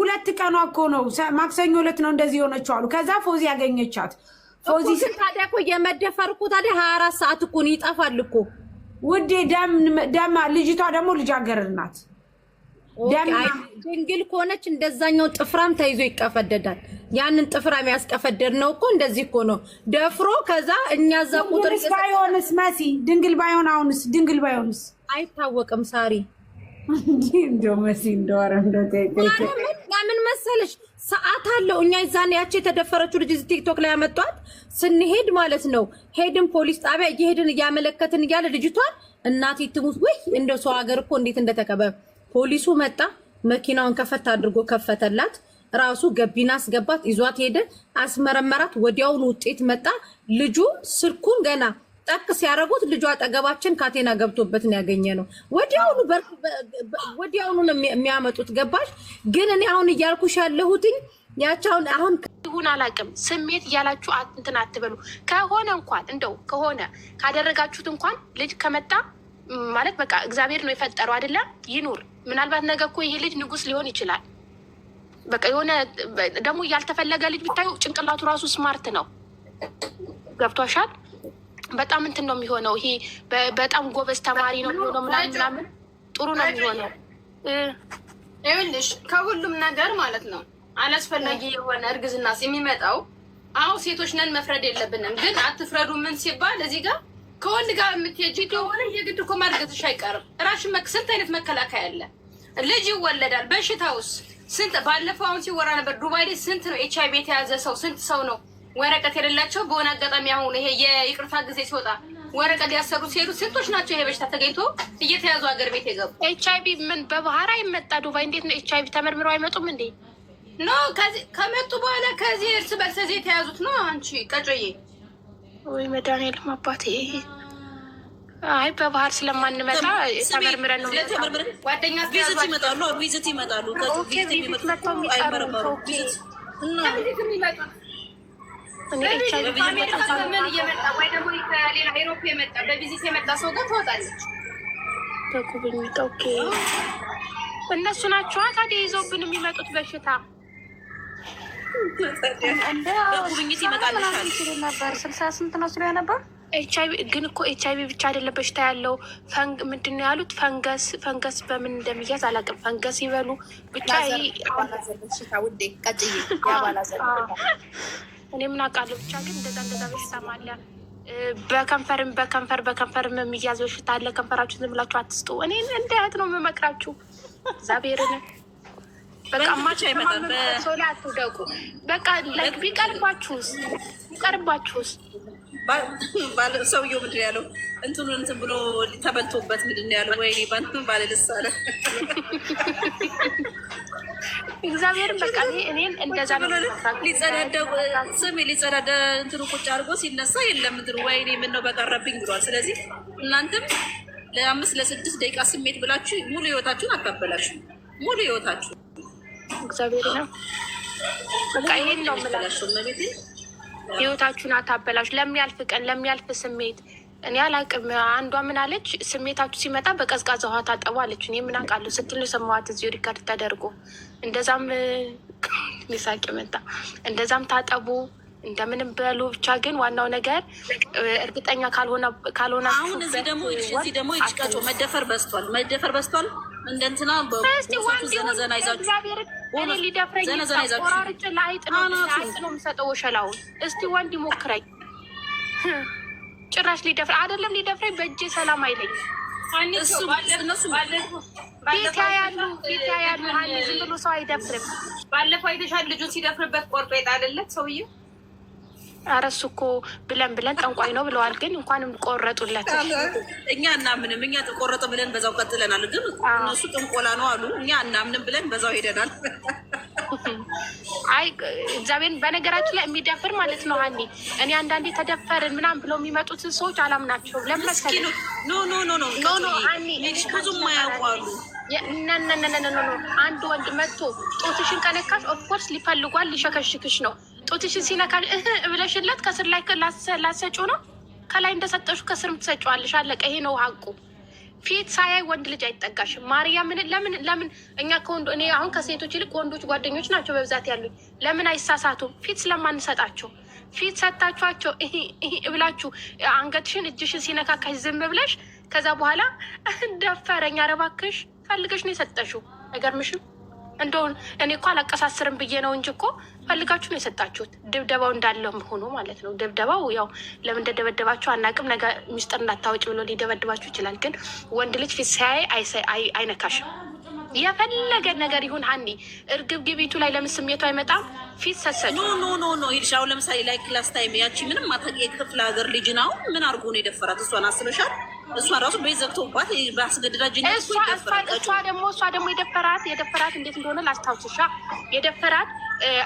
ሁለት ቀኗ እኮ ነው። ማክሰኞ ዕለት ነው እንደዚህ የሆነችው አሉ። ከዛ ፎዚ ያገኘቻት ፎዚ ታዲያ እኮ የመደፈር እኮ ታዲያ ሀያ አራት ሰዓት እኮ ነው ይጠፋል እኮ ውዴ። ደማ ልጅቷ ደግሞ ልጃገረድ ናት። ድንግል ከሆነች እንደዛኛው ጥፍራም ተይዞ ይቀፈደዳል። ያንን ጥፍራም ያስቀፈደድ ነው እኮ እንደዚህ እኮ ነው ደፍሮ ከዛ እኛ እዛ ቁጥር ባይሆንስ መሲ ድንግል ባይሆን አሁንስ ድንግል ባይሆንስ አይታወቅም ሳሪ እንደው መሲ እንደው ኧረ እንደው ምን መሰለሽ ሰዓት አለው። እኛ ይዛን ያቺ የተደፈረችው ልጅ ቲክቶክ ላይ ያመጧት ስንሄድ ማለት ነው ሄድን ፖሊስ ጣቢያ እየሄድን እያመለከትን እያለ ልጅቷን እናት ትሙት ወይ እንደ ሰው ሀገር እኮ እንዴት እንደተከበ ፖሊሱ መጣ። መኪናውን ከፈት አድርጎ ከፈተላት። ራሱ ገቢና አስገባት። ይዟት ሄደ፣ አስመረመራት። ወዲያውን ውጤት መጣ። ልጁ ስልኩን ገና ጠቅ ሲያደርጉት ልጇ አጠገባችን ካቴና ገብቶበት ነው ያገኘ ነው። ወዲያውኑ ወዲያውኑ ነው የሚያመጡት። ገባሽ? ግን እኔ አሁን እያልኩሽ ያለሁትኝ ያቻውን አሁን ይሁን አላውቅም። ስሜት እያላችሁ እንትን አትበሉ። ከሆነ እንኳን እንደው ከሆነ ካደረጋችሁት እንኳን ልጅ ከመጣ ማለት በቃ እግዚአብሔር ነው የፈጠረው አይደለ? ይኑር። ምናልባት ነገ እኮ ይሄ ልጅ ንጉስ ሊሆን ይችላል። በቃ የሆነ ደግሞ ያልተፈለገ ልጅ ብታዩ ጭንቅላቱ ራሱ ስማርት ነው። ገብቷሻል? በጣም እንትን ነው የሚሆነው። ይሄ በጣም ጎበዝ ተማሪ ነው የሚሆነው ምናምን ምናምን ጥሩ ነው የሚሆነው። ይኸውልሽ ከሁሉም ነገር ማለት ነው አላስፈላጊ የሆነ እርግዝና የሚመጣው አዎ፣ ሴቶች ነን መፍረድ የለብንም ግን አትፍረዱ ምን ሲባል እዚህ ጋር ከወንድ ጋር የምትሄጂ ከሆነ የግድ እኮ ማርገዝሽ አይቀርም። ራሽን ስንት አይነት መከላከያ አለ። ልጅ ይወለዳል። በሽታውስ ስንት ባለፈው አሁን ሲወራ ነበር ዱባይ ላይ ስንት ነው ኤች አይ ቪ የተያዘ ሰው ስንት ሰው ነው ወረቀት የሌላቸው በሆነ አጋጣሚ አሁን ይሄ የይቅርታ ጊዜ ሲወጣ ወረቀት ያሰሩ ሲሄዱ ስንቶች ናቸው ይሄ በሽታ ተገኝቶ እየተያዙ ሀገር ቤት የገቡ። ኤች አይቪ ምን በባህር አይመጣ ዱባይ እንዴት ነው ኤች አይቪ ተመርምረው አይመጡም እንዴ? ኖ ከመጡ በኋላ ከዚህ እርስ በርስ እዚህ የተያዙት ነው። አንቺ ቀጮዬ፣ ወይ መድኃኒዓለም አባቴ። አይ በባህር ስለማንመጣ ተመርምረን ነው። ጓደኛ ቪዝት ይመጣሉ፣ ቪዝት ይመጣሉ፣ ቪዝት የሚመጡ አይመረመሩ ቪዝት የሚመጡ ከአሜሪካ እነሱ ናቸዋ ታዲያ ይዘውብን የሚመጡት በሽታ ስልሳ ስንት ነው ስለ ነበር ኤች አይቪ ግን እኮ ኤች ብቻ አይደለም በሽታ ያለው ምንድን ነው ያሉት? ፈንገስ ፈንገስ በምን እንደሚያዝ አላውቅም። ፈንገስ ይበሉ ብቻ እኔ ምን አውቃለሁ። ብቻ ግን እንደዛ እንደዛ በሽታ አለ። በከንፈርም በከንፈር በከንፈርም የሚያዝ በሽታ አለ። ከንፈራችሁ ዝም ብላችሁ አትስጡ። እኔ እንደ እህት ነው የምመክራችሁ። እግዚአብሔርን በቃ ማቸው ላይ አትውደቁ። በቃ ቢቀርባችሁስ ቢቀርባችሁስ ሰውየው ምንድን ያለው እንትኑ እንትን ብሎ ተበልቶበት ምንድን ያለው ወይ ባንቱ ልሳለ እግዚአብሔርን በቃ እኔም እንደዛ ሊጸዳደ ስም ሊጸዳደ እንትኑ ቁጭ አድርጎ ሲነሳ የለም እንትኑ ወይኔ ምነው በቀረብኝ ብሏል። ስለዚህ እናንተም ለአምስት ለስድስት ደቂቃ ስሜት ብላችሁ ሙሉ ህይወታችሁን አካበላችሁ ሙሉ ህይወታችሁ እግዚአብሔር ነው በቃ ይሄን ነው የምላችሁ። ህይወታችሁን አታበላችሁ ለሚያልፍ ቀን ለሚያልፍ ስሜት እኔ አላቅም። አንዷ ምን አለች? ስሜታችሁ ሲመጣ በቀዝቃዛ ውሃ ታጠቡ አለች። እኔ ምን አውቃለሁ ስትል ሰማዋት። እዚሁ ሪከርድ ተደርጎ እንደዛም ሚሳቅ መጣ። እንደዛም ታጠቡ እንደምንም በሉ ብቻ ግን ዋናው ነገር እርግጠኛ ካልሆነ አሁን እዚህ ደግሞ እዚህ ደግሞ ይጭቃጮ መደፈር መደፈር እንደንትና ዘነዘና ቆራርጭ ለአይጥ ነው የምሰጠው ወሸላውን። እስቲ ወንድ ይሞክረኝ ጭራሽ ሊደፍር አይደለም ሊደፍረኝ፣ በእጅ ሰላም አይለኝም። ቤት ያያሉ ቤት ያያሉ። ዝም ብሎ ሰው አይደፍርም። ባለፈው አይተሻል፣ ልጁን ሲደፍርበት ቆርጦ የጣለለት ሰውዬው። ኧረ እሱ እኮ ብለን ብለን ጠንቋይ ነው ብለዋል፣ ግን እንኳንም ቆረጡለት። እኛ እናምንም፣ እኛ ተቆረጠ ብለን በዛው ቀጥለናል፣ ግን እነሱ ጥንቆላ ነው አሉ። እኛ እናምንም ብለን በዛው ሄደናል። አይ እግዚአብሔር በነገራችን ላይ የሚደፍር ማለት ነው። ሀኒ እኔ አንዳንዴ ተደፈርን ምናምን ብለው የሚመጡትን ሰዎች አላምናቸውም። ለመሰለኝ ኖ ኖ ኖ ኖ ኖ ሀኒ ብዙም አያዋሉ አንድ ወንድ መጥቶ ጦትሽን ከነካሽ ኦፍኮርስ ሊፈልጓል ሊሸከሽክሽ ነው። ጦትሽን ሲነካሽ እህ ብለሽለት ከስር ላይ ነው ከላይ እንደሰጠሹ ከስር ምትሰጪዋለሽ። አለቀ። ይሄ ነው ሀቁ። ፊት ሳያይ ወንድ ልጅ አይጠጋሽም። ማርያምን ለምን ለምን እኛ ከወንዶ እኔ አሁን ከሴቶች ይልቅ ወንዶች ጓደኞች ናቸው በብዛት ያሉኝ። ለምን አይሳሳቱም? ፊት ስለማንሰጣቸው ፊት ይሄ ብላችሁ አንገትሽን እጅሽን ሲነካካሽ ዝም ብለሽ ከዛ በኋላ ደፈረኝ አረባክሽ ፈልገሽ ነው የሰጠሽው አይገርምሽም? እንደው እኔ እኮ አላቀሳስርም ብዬ ነው እንጂ እኮ ፈልጋችሁ ነው የሰጣችሁት። ድብደባው እንዳለ ሆኖ ማለት ነው። ድብደባው ያው ለምን እንደደበደባችሁ አናቅም። ነገ ሚስጥር እንዳታወጭ ብሎ ሊደበድባችሁ ይችላል። ግን ወንድ ልጅ ፊት ሲያይ አይነካሽም። የፈለገ ነገር ይሁን ሀኒ እርግብ ግቢቱ ላይ ለምን ስሜቱ አይመጣም? ፊት ሰሰዱ ኖ ኖ ኖ ኖ ይልሻው ለምሳሌ ላይ ክላስ ታይም ያቺ ምንም የክፍለ ሀገር ልጅ ነው ምን አድርጎ ነው የደፈራት? እሷን አስበሻል? እሷ ራሱ ቤት ዘግቶባት በአስገድዳጅ እሷ ደግሞ እሷ ደግሞ የደፈራት የደፈራት እንዴት እንደሆነ ላስታውስሻ የደፈራት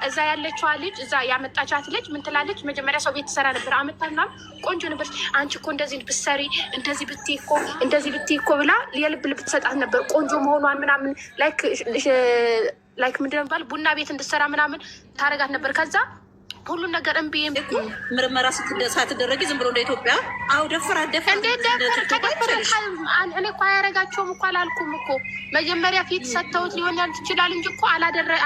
እዛ ያለችዋ ልጅ እዛ ያመጣቻት ልጅ ምን ትላለች? መጀመሪያ ሰው ቤት ትሰራ ነበር። አመጣና ቆንጆ ነበር። አንቺ እኮ እንደዚህ ብትሰሪ እንደዚህ ብትይ እኮ እንደዚህ ብትይ እኮ ብላ የልብ ልብ ትሰጣት ነበር። ቆንጆ መሆኗን ምናምን ላይክ ላይክ ምንድን ነው የሚባል ቡና ቤት እንድትሰራ ምናምን ታደርጋት ነበር ከዛ ሁሉም ነገር እምቢም ምርመራ ሳትደረግ ዝም ብሎ እንደ ኢትዮጵያ አው ደፍር አደፍ እንዴት ደፍር እኔ እኮ አያረጋቸውም እኮ አላልኩም እኮ መጀመሪያ ፊት ሰጥተውት ሊሆን ያል ትችላል እንጂ እኮ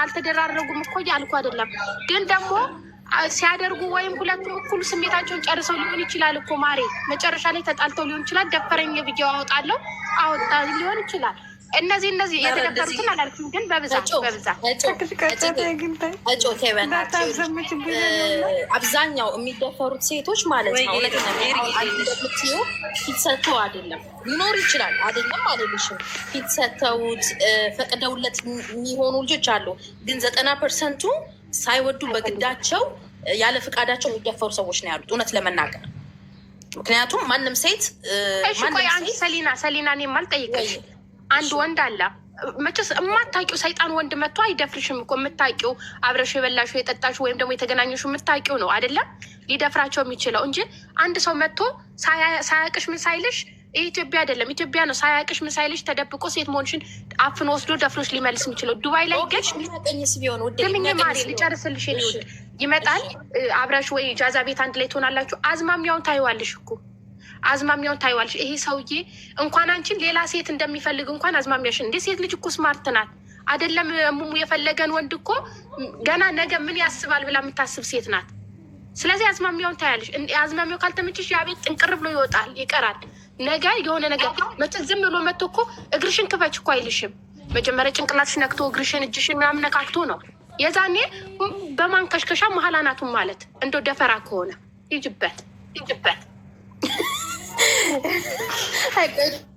አልተደራረጉም እኮ ያልኩ አይደለም። ግን ደግሞ ሲያደርጉ ወይም ሁለቱም እኩል ስሜታቸውን ጨርሰው ሊሆን ይችላል እኮ ማሬ፣ መጨረሻ ላይ ተጣልተው ሊሆን ይችላል። ደፈረኝ ብዬ አወጣለሁ አወጣ ሊሆን ይችላል እነዚህ እነዚህ የተደፈሩትን አላልኩም፣ ግን በብዛት በብዛት አብዛኛው የሚደፈሩት ሴቶች ማለት ነው። ፊት ሰጥተው አይደለም ሊኖር ይችላል አይደለም አልልሽም። ፊት ሰጥተውት ፈቅደውለት የሚሆኑ ልጆች አሉ፣ ግን ዘጠና ፐርሰንቱ ሳይወዱ በግዳቸው ያለ ፍቃዳቸው የሚደፈሩ ሰዎች ነው ያሉት እውነት ለመናገር ምክንያቱም ማንም ሴት ሰሊና ሰሊና እኔም አልጠይቀሽም አንድ ወንድ አለ መቼስ የማታውቂው ሰይጣን ወንድ መጥቶ አይደፍርሽም እኮ የምታውቂው አብረሽ የበላሽ የጠጣሹ ወይም ደግሞ የተገናኘሹ የምታውቂው ነው አይደለም ሊደፍራቸው የሚችለው እንጂ አንድ ሰው መጥቶ ሳያቅሽ ምን ሳይልሽ ኢትዮጵያ አይደለም ኢትዮጵያ ነው ሳያቅሽ ምን ሳይልሽ ተደብቆ ሴት መሆንሽን አፍኖ ወስዶ ደፍሮች ሊመልስ የሚችለው ዱባይ ላይ ገኝ ማሪ ልጨርስልሽ ይመጣል አብረሽ ወይ ጃዛ ቤት አንድ ላይ ትሆናላችሁ አዝማሚያውን ታይዋለሽ እኮ አዝማሚያውን ታይዋልሽ። ይሄ ሰውዬ እንኳን አንቺን ሌላ ሴት እንደሚፈልግ እንኳን አዝማሚያሽ እንዴ! ሴት ልጅ እኮ ስማርት ናት አይደለም ሙሙ የፈለገን ወንድ እኮ ገና ነገ ምን ያስባል ብላ የምታስብ ሴት ናት። ስለዚህ አዝማሚያውን ታያለሽ። አዝማሚያው ካልተመችሽ ያ ቤት ጥንቅር ብሎ ይወጣል ይቀራል። ነገ የሆነ ነገር መቼ ዝም ብሎ መጥቶ እኮ እግርሽን ክፈች እኮ አይልሽም። መጀመሪያ ጭንቅላትሽ ነክቶ እግርሽን፣ እጅሽን ምናምን ነካክቶ ነው የዛኔ በማንከሽከሻ መሀል አናቱን ማለት እንደ ደፈራ ከሆነ ይጅበት ይጅበት 太 贵。